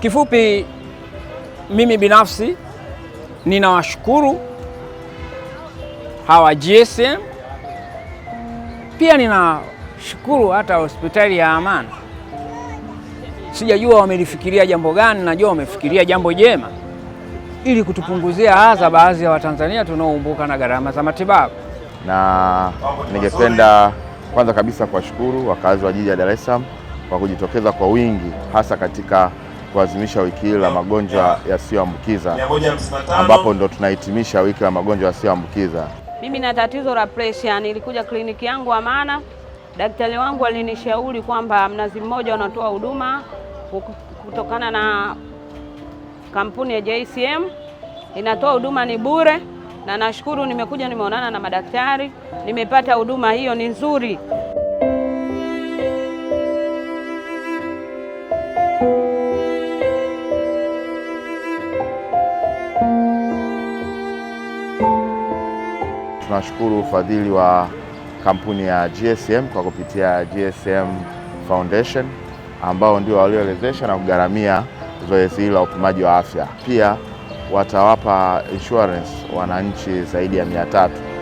Kifupi, mimi binafsi ninawashukuru hawa GSM, pia ninashukuru hata hospitali ya Amana. Sijajua wamelifikiria jambo gani, najua wamefikiria jambo jema ili kutupunguzia adha baadhi ya Watanzania tunaoumbuka na gharama za matibabu. Na ningependa kwanza kabisa kuwashukuru wakazi wa jiji la Dar es Salaam kwa kujitokeza kwa wingi hasa katika kuadhimisha wiki hili la magonjwa yasiyoambukiza ambapo ndo tunahitimisha wiki la magonjwa yasiyoambukiza. Mimi na tatizo la presha, nilikuja kliniki yangu Amana, daktari wangu alinishauri kwamba Mnazi Mmoja unatoa huduma kutokana na kampuni ya JCM inatoa huduma ni bure, na nashukuru nimekuja, nimeonana na madaktari, nimepata huduma hiyo ni nzuri. tunashukuru ufadhili wa kampuni ya GSM kwa kupitia GSM Foundation ambao ndio waliowezesha na kugharamia zoezi hili la upimaji wa afya. Pia watawapa insurance wananchi zaidi ya mia tatu.